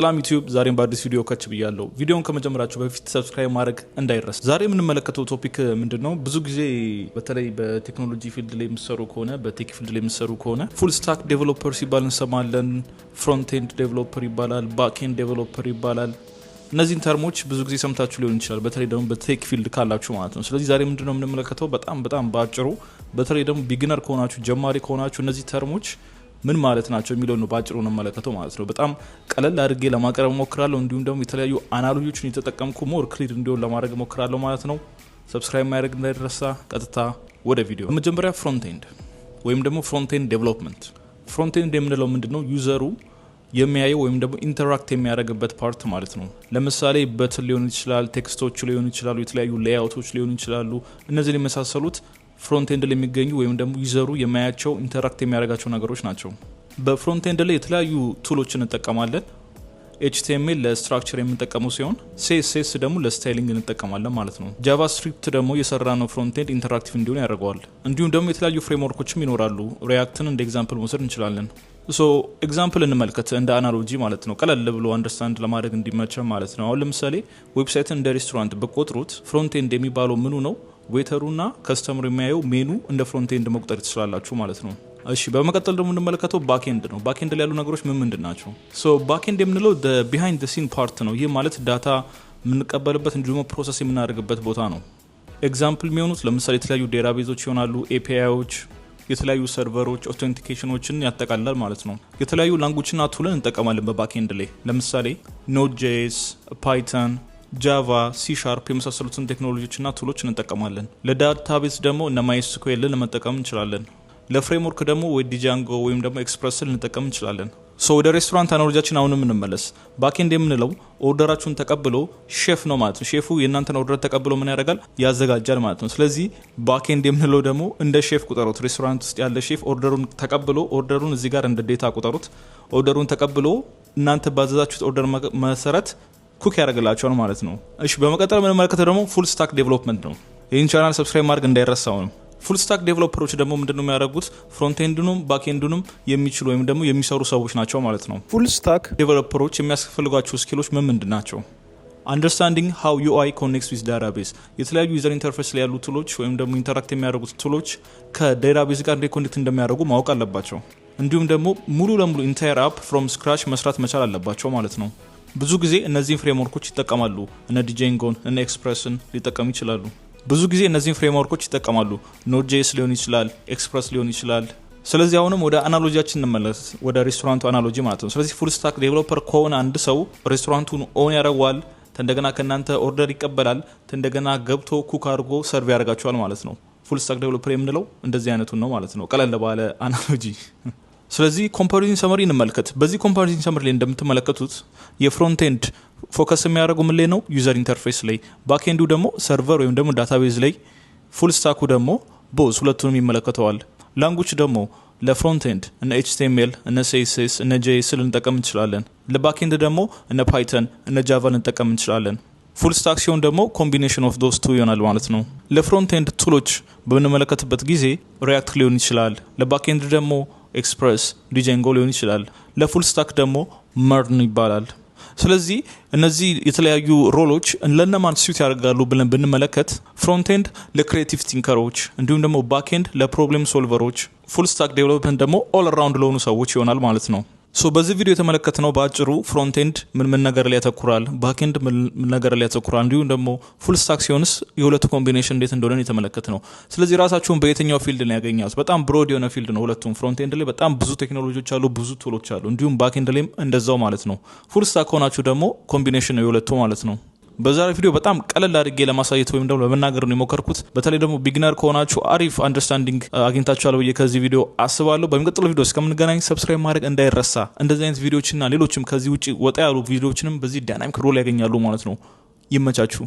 ሰላም ዩቲዩብ ዛሬም በአዲስ ቪዲዮ ከች ብያለሁ። ቪዲዮን ከመጀመራችሁ በፊት ሰብስክራይብ ማድረግ እንዳይረስ። ዛሬ የምንመለከተው ቶፒክ ምንድን ነው? ብዙ ጊዜ በተለይ በቴክኖሎጂ ፊልድ ላይ የምሰሩ ከሆነ በቴክ ፊልድ ላይ የምሰሩ ከሆነ ፉል ስታክ ዴቨሎፐር ሲባል እንሰማለን። ፍሮንቴንድ ዴቨሎፐር ይባላል፣ ባክኤንድ ዴቨሎፐር ይባላል። እነዚህን ተርሞች ብዙ ጊዜ ሰምታችሁ ሊሆን ይችላል፣ በተለይ ደግሞ በቴክ ፊልድ ካላችሁ ማለት ነው። ስለዚህ ዛሬ ምንድነው የምንመለከተው በጣም በጣም በአጭሩ በተለይ ደግሞ ቢግነር ከሆናችሁ ጀማሪ ከሆናችሁ እነዚህ ተርሞች ምን ማለት ናቸው የሚለው ነው በአጭሩ እንመለከተው ማለት ነው። በጣም ቀለል አድርጌ ለማቅረብ ሞክራለሁ። እንዲሁም ደግሞ የተለያዩ አናሎጂዎችን የተጠቀምኩ ሞር ክሊር እንዲሆን ለማድረግ ሞክራለሁ ማለት ነው። ሰብስክራይብ ማድረግ እንዳይረሳ። ቀጥታ ወደ ቪዲዮ። በመጀመሪያ ፍሮንቴንድ ወይም ደግሞ ፍሮንቴንድ ዴቨሎፕመንት። ፍሮንቴንድ የምንለው ምንድን ነው? ዩዘሩ የሚያየው ወይም ደግሞ ኢንተራክት የሚያደርግበት ፓርት ማለት ነው። ለምሳሌ በትን ሊሆን ይችላል፣ ቴክስቶች ሊሆኑ ይችላሉ፣ የተለያዩ ሌያውቶች ሊሆኑ ይችላሉ። እነዚህን የመሳሰሉት ፍሮንቴንድ ላይ የሚገኙ ወይም ደግሞ ዩዘሩ የማያቸው ኢንተራክት የሚያደርጋቸው ነገሮች ናቸው። በፍሮንቴንድ ላይ የተለያዩ ቱሎች እንጠቀማለን። ኤችቲኤምኤል ለስትራክቸር የምንጠቀመው ሲሆን ሲኤስኤስ ደግሞ ለስታይሊንግ እንጠቀማለን ማለት ነው። ጃቫስክሪፕት ደግሞ የሰራ ነው ፍሮንቴንድ ኢንተራክቲቭ እንዲሆን ያደርገዋል። እንዲሁም ደግሞ የተለያዩ ፍሬምወርኮችም ይኖራሉ። ሪያክትን እንደ ኤግዛምፕል መውሰድ እንችላለን። ሶ ኤግዛምፕል እንመልከት እንደ አናሎጂ ማለት ነው። ቀለል ብሎ አንደርስታንድ ለማድረግ እንዲመቸ ማለት ነው። አሁን ለምሳሌ ዌብሳይትን እንደ ሬስቶራንት በቆጥሩት ፍሮንቴንድ የሚባለው ምኑ ነው? ዌተሩና ከስተምሩ የሚያየው ሜኑ እንደ ፍሮንቴንድ መቁጠር ትችላላችሁ ማለት ነው። እሺ በመቀጠል ደግሞ እንመለከተው ባኬንድ ነው። ባኬንድ ላይ ያሉ ነገሮች ምን ምንድን ናቸው? ሶ ባኬንድ የምንለው ቢሃይንድ ሲን ፓርት ነው። ይህ ማለት ዳታ የምንቀበልበት እንዲሁ ፕሮሰስ የምናደርግበት ቦታ ነው። ኤግዛምፕል የሚሆኑት ለምሳሌ የተለያዩ ዴራቤዞች ይሆናሉ፣ ኤፒአይዎች፣ የተለያዩ ሰርቨሮች፣ ኦቴንቲኬሽኖችን ያጠቃልላል ማለት ነው። የተለያዩ ላንጉችና ቱልን እንጠቀማለን በባኬንድ ላይ ለምሳሌ ኖድ ጄስ፣ ፓይተን ጃቫ፣ ሲ ሻርፕ የመሳሰሉትን ቴክኖሎጂዎችና ቱሎች እንጠቀማለን። ለዳታቤዝ ደግሞ እነ ማይስኩኤልን መጠቀም እንችላለን። ለፍሬምወርክ ደግሞ ወይ ዲጃንጎ ወይም ደግሞ ኤክስፕረስን ልንጠቀም እንችላለን። ሶ ወደ ሬስቶራንት አኖርጃችን አሁንም እንመለስ። ባኬንድ የምንለው ኦርደራችሁን ተቀብሎ ሼፍ ነው ማለት ነው። ሼፉ የእናንተን ኦርደር ተቀብሎ ምን ያደርጋል? ያዘጋጃል ማለት ነው። ስለዚህ ባኬንድ የምንለው ደግሞ እንደ ሼፍ ቁጠሩት። ሬስቶራንት ውስጥ ያለ ሼፍ ኦርደሩን ተቀብሎ ኦርደሩን እዚህ ጋር እንደ ዴታ ቁጠሩት። ኦርደሩን ተቀብሎ እናንተ ባዘዛችሁት ኦርደር መሰረት ኩክ ያደርግላቸዋል ማለት ነው። እሺ በመቀጠል የምንመለከተው ደግሞ ፉል ስታክ ዴቨሎፕመንት ነው። ይህን ቻናል ሰብስክራይብ ማድረግ እንዳይረሳው ነው። ፉል ስታክ ዴቨሎፐሮች ደግሞ ምንድነው የሚያደርጉት? ፍሮንቴንድኑም ባክኤንድኑም የሚችሉ ወይም ደግሞ የሚሰሩ ሰዎች ናቸው ማለት ነው። ፉል ስታክ ዴቨሎፐሮች የሚያስፈልጓቸው ስኪሎች ምን ምንድን ናቸው? አንደርስታንዲንግ ሀው ዩአይ ኮኔክትስ ዊዝ ዳታቤዝ የተለያዩ ዩዘር ኢንተርፌስ ላይ ያሉ ቱሎች ወይም ደግሞ ኢንተራክት የሚያደርጉት ቱሎች ከዳታቤዝ ጋር እንዴት ኮኔክት እንደሚያደርጉ ማወቅ አለባቸው። እንዲሁም ደግሞ ሙሉ ለሙሉ ኢንታየር አፕ ፍሮም ስክራች መስራት መቻል አለባቸው ማለት ነው። ብዙ ጊዜ እነዚህን ፍሬምወርኮች ይጠቀማሉ። እነ ዲጄንጎን እነ ኤክስፕረስን ሊጠቀሙ ይችላሉ። ብዙ ጊዜ እነዚህን ፍሬምወርኮች ይጠቀማሉ። ኖጄስ ሊሆን ይችላል፣ ኤክስፕረስ ሊሆን ይችላል። ስለዚህ አሁንም ወደ አናሎጂያችን እንመለስ፣ ወደ ሬስቶራንቱ አናሎጂ ማለት ነው። ስለዚህ ፉል ስታክ ዴቨሎፐር ከሆነ አንድ ሰው ሬስቶራንቱን ኦን ያደረዋል፣ እንደገና ከእናንተ ኦርደር ይቀበላል፣ እንደገና ገብቶ ኩክ አድርጎ ሰርቪ ያደርጋቸዋል ማለት ነው። ፉል ስታክ ዴቨሎፐር የምንለው እንደዚህ አይነቱን ነው ማለት ነው። ቀለል ባለ አናሎጂ ስለዚህ ኮምፓሪዝን ሰመሪ እንመልከት። በዚህ ኮምፓሪዝን ሰመሪ ላይ እንደምትመለከቱት የፍሮንትኤንድ ፎከስ የሚያደርጉ ምን ላይ ነው? ዩዘር ኢንተርፌስ ላይ፣ ባክኤንዱ ደግሞ ሰርቨር ወይም ደግሞ ዳታቤዝ ላይ፣ ፉል ስታኩ ደግሞ ቦዝ ሁለቱንም ይመለከተዋል። ላንጉች ደግሞ ለፍሮንትኤንድ እነ ኤችቲኤምኤል እነ ሴስስ እነ ጄኤስ ልንጠቀም እንችላለን። ለባክኤንድ ደግሞ እነ ፓይተን እነ ጃቫ ልንጠቀም እንችላለን። ፉል ስታክ ሲሆን ደግሞ ኮምቢኔሽን ኦፍ ዶስ ቱ ይሆናል ማለት ነው። ለፍሮንት ቱሎች በምንመለከትበት ጊዜ ሪያክት ሊሆን ይችላል። ለባክኤንድ ደግሞ ኤክስፕረስ፣ ዲጀንጎ ሊሆን ይችላል። ለፉል ስታክ ደግሞ መርን ይባላል። ስለዚህ እነዚህ የተለያዩ ሮሎች ለነማን ሱት ያደርጋሉ ብለን ብንመለከት ፍሮንቴንድ ለክሪኤቲቭ ቲንከሮች፣ እንዲሁም ደግሞ ባክኤንድ ለፕሮብሌም ሶልቨሮች፣ ፉል ስታክ ዴቨሎፕመንት ደግሞ ኦል አራውንድ ለሆኑ ሰዎች ይሆናል ማለት ነው። ሶ በዚህ ቪዲዮ የተመለከትነው በአጭሩ ፍሮንቴንድ ምን ምን ነገር ላይ ያተኩራል፣ ባክኤንድ ምን ነገር ላይ ያተኩራል፣ እንዲሁም ደግሞ ፉል ስታክ ሲሆንስ የሁለቱ ኮምቢኔሽን እንዴት እንደሆነ የተመለከት ነው። ስለዚህ ራሳችሁን በየትኛው ፊልድ ላይ ያገኛት በጣም ብሮድ የሆነ ፊልድ ነው። ሁለቱም ፍሮንቴንድ ላይ በጣም ብዙ ቴክኖሎጂዎች አሉ፣ ብዙ ቶሎች አሉ፣ እንዲሁም ባክኤንድ ላይም እንደዛው ማለት ነው። ፉል ስታክ ከሆናችሁ ደግሞ ኮምቢኔሽን ነው የሁለቱ ማለት ነው። በዛሬ ቪዲዮ በጣም ቀለል አድርጌ ለማሳየት ወይም ደግሞ ለመናገር ነው የሞከርኩት። በተለይ ደግሞ ቢግነር ከሆናችሁ አሪፍ አንደርስታንዲንግ uh, አግኝታችኋል ብዬ ከዚህ ቪዲዮ አስባለሁ። በሚቀጥለው ቪዲዮ እስከምንገናኝ ሰብስክራይብ ማድረግ እንዳይረሳ። እንደዚህ አይነት ቪዲዮችና ሌሎችም ከዚህ ውጭ ወጣ ያሉ ቪዲዮችንም በዚህ ዳይናሚክ ሮል ያገኛሉ ማለት ነው። ይመቻችሁ።